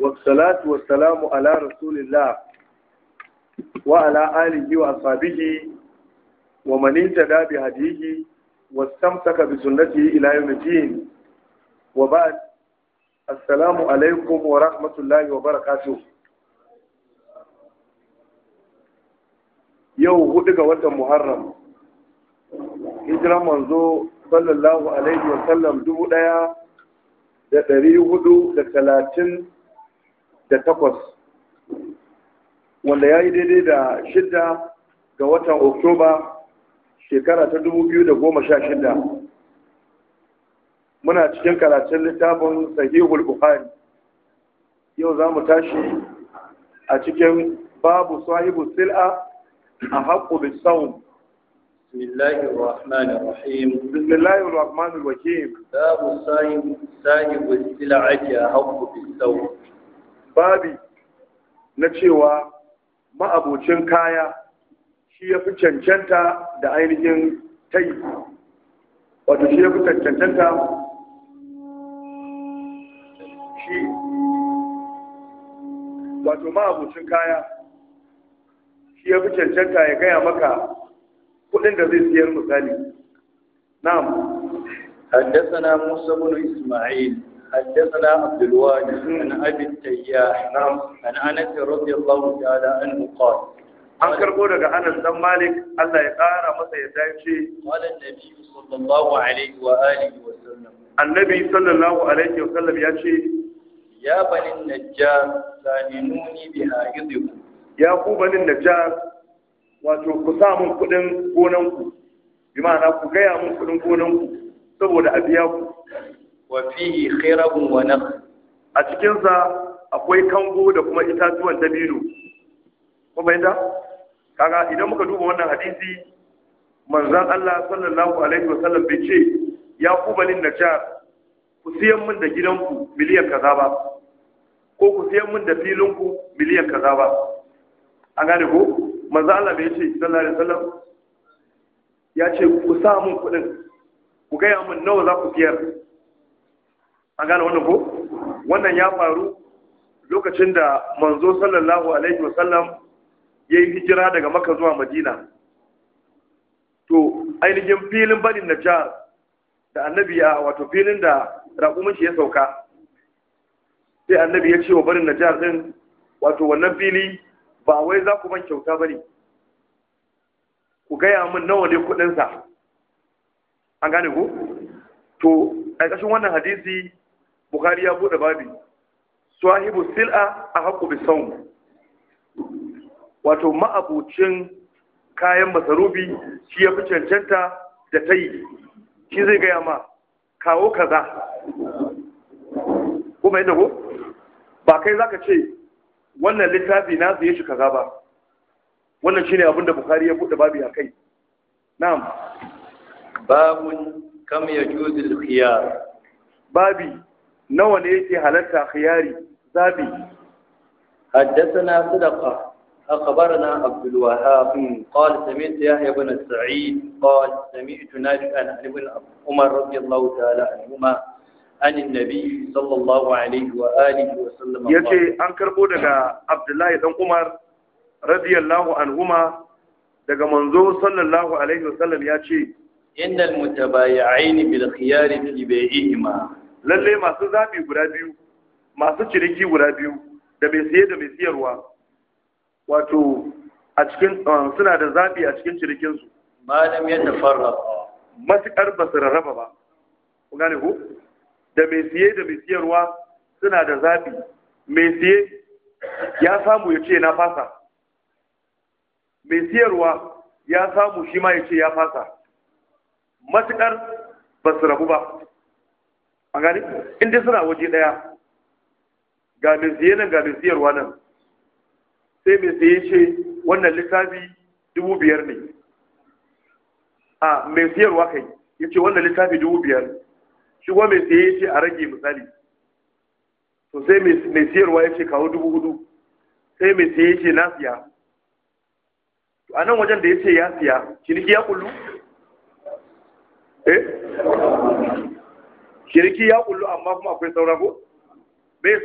والصلاة والسلام على رسول الله وعلى آله وأصحابه ومن اهتدى بهديه واستمسك بسنته إلى يوم الدين وبعد السلام عليكم ورحمة الله وبركاته yau hudu ga محرم Muharram منذ صلى الله عليه وسلم دبو ديا da dari hudu da talatin da takwas wanda ya yi daidai da shidda ga watan oktoba shekara ta dubu biyu da goma sha shidda muna cikin karatun littafin sahihul bukhari yau za mu tashi a cikin babu sahibu sil'a a haƙƙo saun بسم الله الرحمن الرحيم بسم الله الرحمن الرحيم باب صاحب صاحب السلعة حق بالثوب babi na cewa ma'abocin kaya shi ya fi cancanta da ainihin tayi wato shi ya fi cancanta shi wato ma'abocin kaya shi ya fi cancanta ya gaya maka kudin da zai siyar misali na'am حدثنا موسى بن اسماعيل حدثنا عبد الواجد بن ابي التياح نعم عن انس رضي الله تعالى عنه قال an karbo daga Anas dan Malik Allah ya ƙara masa ya dace malan nabi sallallahu alaihi wa alihi wa sallam annabi sallallahu alaihi wa sallam ya ce ya banin najjar saninuni bi haidikum ya ku banin najjar wato ku sa mun kudin gonan ku bi ma'ana ku gaya mun kudin gonan ku saboda a ku wa fihi khairun wa nakh a cikin sa akwai kango da kuma itatuwan dabino ko bai da kaga idan muka duba wannan hadisi manzon Allah sallallahu alaihi wa sallam bai ce ya kubalin najjar ku siyan min da gidanku miliyan kaza ba ko ku siyan min da filinku miliyan kaza ba an gane ko manzon Allah bai ce sallallahu alaihi wa sallam ya ce ku sa min kuɗin ku gaya min nawa za ku siyar an gane wannan ko wannan ya faru lokacin da manzo sallallahu alaihi wasallam ya yi hijira daga maka zuwa madina to ainihin filin na jihar da annabi ya wato filin da raƙumin shi ya sauka sai annabi ya ce wa barin najjar din wato wannan fili ba wai za ku ban kyauta bane ku gaya min nawa ne kuɗinsa an gane ku to a ƙashin wannan hadisi bukhari ya buɗe babi Swahibu sil'a a haƙu bi saum wato ma'abucin kayan masarufi shi ya fi cancanta da ta yi shi zai gaya ma kawo kaza kuma yadda ko ba kai za ka ce wannan littafi na zai shi kaza ba wannan shine abin da Bukhari ya buɗe babi a kai na'am babun kam ya juzi babi nawa ne yake halarta khiyari zabi حدثنا صدقة أخبرنا عبد الوهاب قال سمعت يحيى بن سعيد قال سمعت نافعا عن ابن عمر رضي الله تعالى عنهما عن النبي صلى الله عليه وآله وسلم يتي أن كربو دقا عبد الله بن عمر رضي الله عنهما دقا منظور صلى الله عليه وسلم يتي إن المتبايعين بالخيار في بيعهما lalle masu zabi guda biyu masu ciniki guda biyu da mai siye da mai siyarwa wato a cikin uh, suna da zabi a cikin cinikin su malam yadda farra matukar ba su rarraba ba ku gane ko da mai siye da mai siyarwa suna da zabi mai siye ya samu ya ce na fasa mai siyarwa ya samu shi ma ya ce ya fasa matukar ba su rabu ba an gane in dai suna waje daya ga mai siye nan ga mai siyarwa nan sai mai siye ce wannan littafi dubu biyar ne a mai siyarwa kai ya ce wannan littafi dubu biyar shi kuma mai siye ya ce a rage misali to sai mai siyarwa ya ce kawo dubu hudu sai mai siye ya ce na siya to a nan wajen da ya ce ya siya ciniki ya kullu eh kirki ya kullu amma kuma akwai saura ko bai